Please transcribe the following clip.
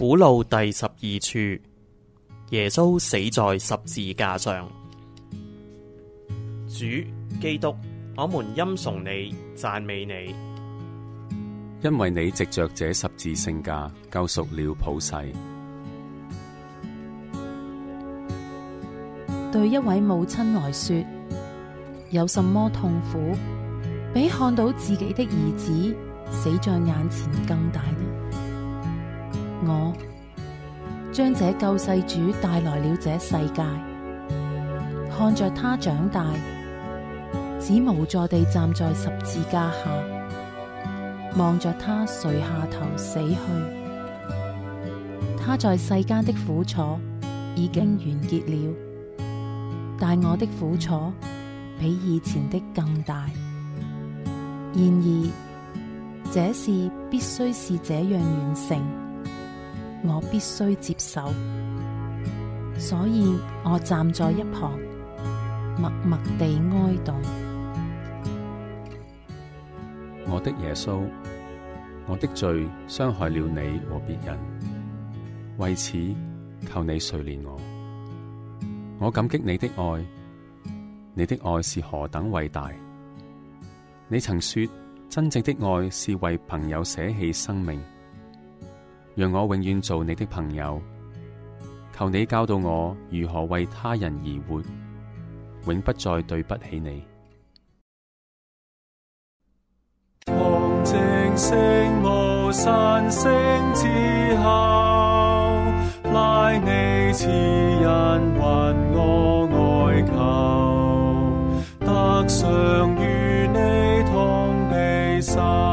苦路第十二處，耶穌死在十字架上。主基督，我們欽崇你，讚美你，因為你藉着這十字聖架救贖了普世。對一位母親來說，有什麼痛苦比看到自己的兒子死在眼前更大呢？我將這救世主帶來了這世界，看着他長大，只無助地站在十字架下，望着他垂下頭死去。他在世間的苦楚已經完結了，但我的苦楚比以前的更大。然而，這事必須是這樣完成。我必須接受，所以我站在一旁，默默地哀悼。我的耶穌，我的罪傷害了你和別人，為此求你垂憐我。我感激你的愛，你的愛是何等偉大。你曾說，真正的愛是為朋友捨棄生命。讓我永遠做你的朋友，求你教導我如何為他人而活，永不再對不起你。同靜聲無散聲之後，拉你慈人還我哀求，得償與你同悲受。